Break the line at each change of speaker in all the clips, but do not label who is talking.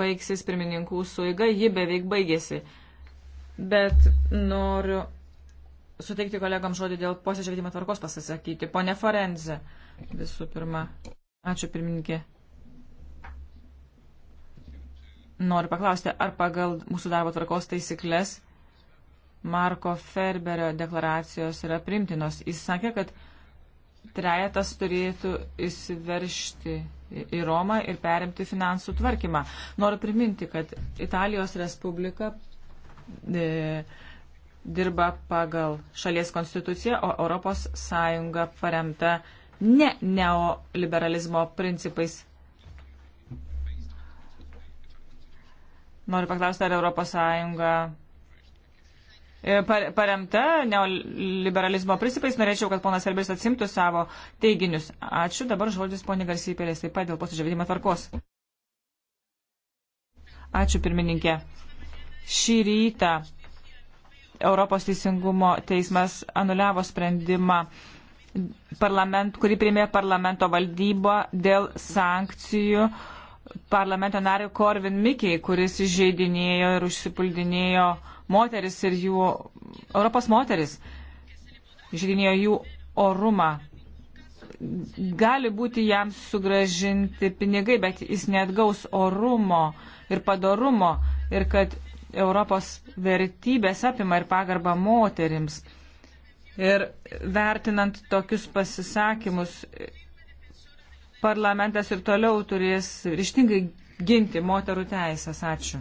baigsis pirmininkų suiga, ji beveik baigėsi. Bet noriu suteikti kolegam žodį dėl posėdžio vedimo tvarkos pasisakyti. Pone Forenze, visų pirma. Ačiū pirmininkė. Noriu paklausti, ar pagal mūsų darbo tvarkos taisyklės Marko Ferberio deklaracijos yra primtinos. Jis sakė, kad trejetas turėtų įsiveršti į Romą ir perimti finansų tvarkymą. Noriu priminti, kad Italijos Respublika e, dirba pagal šalies konstituciją, o Europos Sąjunga paremta ne neoliberalizmo principais. Noriu paklausti, ar Europos Sąjunga E, paremta neoliberalizmo principais. Norėčiau, kad ponas Elbris atsimtų savo teiginius. Ačiū. Dabar žodis ponė Garsypėlės taip pat dėl posėdžio vedimo tvarkos. Ačiū pirmininkė. Šį rytą Europos teisingumo teismas anuliavo sprendimą, kurį priėmė parlamento valdyba dėl sankcijų parlamento nario Korvin Mikiai, kuris įžeidinėjo ir užsipuldinėjo moteris ir jų, Europos moteris, įžeidinėjo jų orumą. Gali būti jam sugražinti pinigai, bet jis netgaus orumo ir padarumo ir kad Europos vertybės apima ir pagarbą moterims. Ir vertinant tokius pasisakymus parlamentas ir toliau turės ryštingai ginti moterų teisės. Ačiū.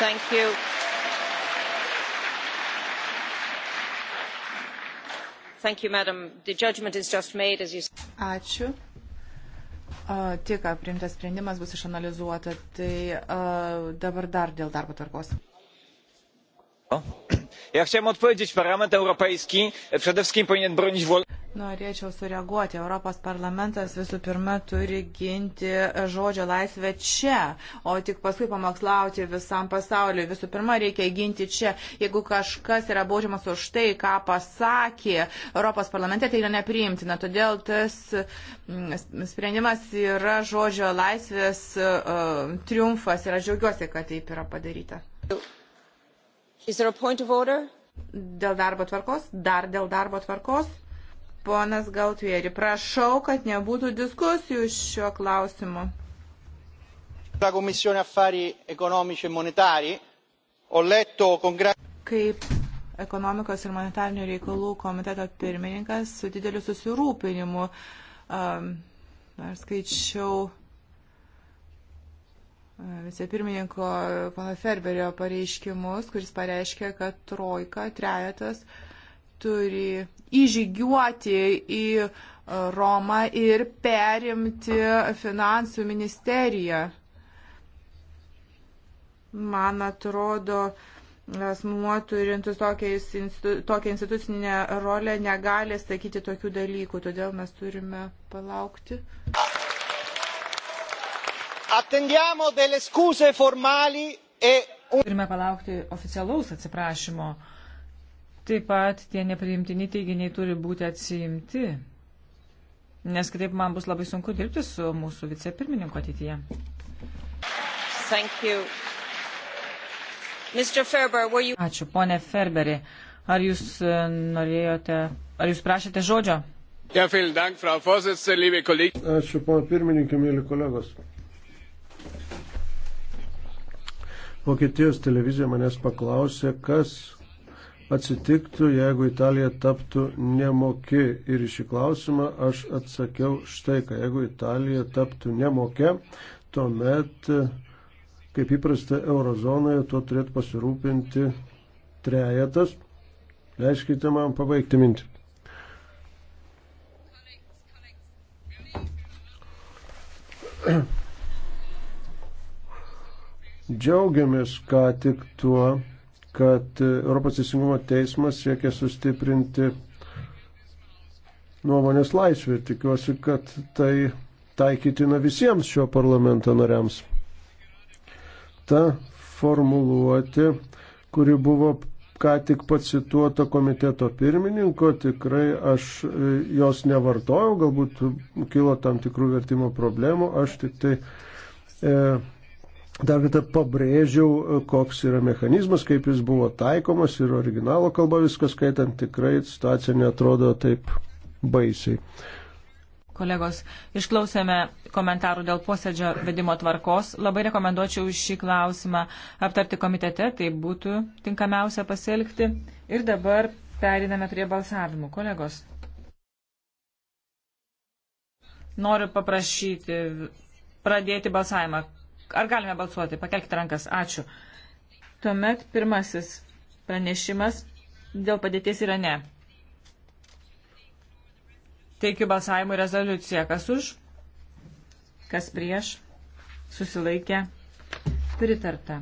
Thank you. Thank you, madam. The judgment is just made, as you said.
Ačiū. A, tik priimtas sprendimas bus išanalizuota. Tai a, dabar dar dėl darbo tvarkos.
Ja chciałem odpowiedzieć, Parlament Europejski przede wszystkim powinien bronić wolności.
Norėčiau sureaguoti. Europos parlamentas visų pirma turi ginti žodžio laisvę čia, o tik paskui pamokslauti visam pasauliu. Visų pirma, reikia ginti čia. Jeigu kažkas yra baudžiamas už tai, ką pasakė Europos parlamente, tai yra nepriimtina. Todėl tas mm, sprendimas yra žodžio laisvės uh, triumfas ir aš džiaugiuosi, kad taip yra padaryta. Dėl darbo tvarkos? Dar dėl darbo tvarkos? Ponas Galtieri, prašau, kad nebūtų diskusijų šiuo klausimu. E Kaip ekonomikos ir monetarinių reikalų komiteto pirmininkas su dideliu susirūpinimu um, ar skaičiau uh, vicepirmininko pana Ferberio pareiškimus, kuris pareiškė, kad trojka, trejetas uh, turi įžygiuoti į e, Romą ir perimti finansų ministeriją. Man atrodo, asmuo turintis tokią institucinę rolę negali sakyti tokių dalykų, todėl mes turime palaukti. E turime palaukti
oficialaus atsiprašymo. Taip pat tie nepriimtini teiginiai turi būti atsiimti, nes kitaip man bus labai sunku dirbti su mūsų vicepirmininku ateityje. Ferber, you... Ačiū, ponė Ferberi. Ar jūs e, norėjote, ar jūs prašėte žodžio?
Ja, dank, Frau Ačiū, ponė pirmininkė, mėly kolegos. Vokietijos televizija manęs paklausė, kas atsitiktų, jeigu Italija taptų nemoki. Ir iš įklausimą aš atsakiau štai, kad jeigu Italija taptų nemokia, tuomet, kaip įprasta eurozonoje, tuo turėtų pasirūpinti trejetas. Leiskite man pabaigti mintį. Džiaugiamės ką tik tuo, kad Europos teisingumo teismas siekia sustiprinti nuomonės laisvę ir tikiuosi, kad tai taikytina visiems šio parlamento nariams. Ta formuluoti, kuri buvo ką tik pacituota komiteto pirmininko, tikrai aš e, jos nevartojau, galbūt kilo tam tikrų vertimo problemų, aš tik tai e, Dar kartą pabrėžiau, e, koks yra mechanizmas, kaip jis buvo taikomas ir originalo kalba viskas skaitant tikrai situacija netrodo taip baisiai.
Kolegos, išklausėme komentarų dėl posėdžio vedimo tvarkos. Labai rekomenduočiau šį klausimą aptarti komitete, tai būtų tinkamiausia pasielgti. Ir dabar periname prie balsavimų. Kolegos, noriu paprašyti pradėti balsavimą. Ar galime balsuoti? Pakelkite rankas. Ačiū. Tuomet pirmasis pranešimas dėl padėties yra ne. Teikiu balsavimui rezoliuciją. Kas už? Kas prieš? Susilaikė? Pritarta.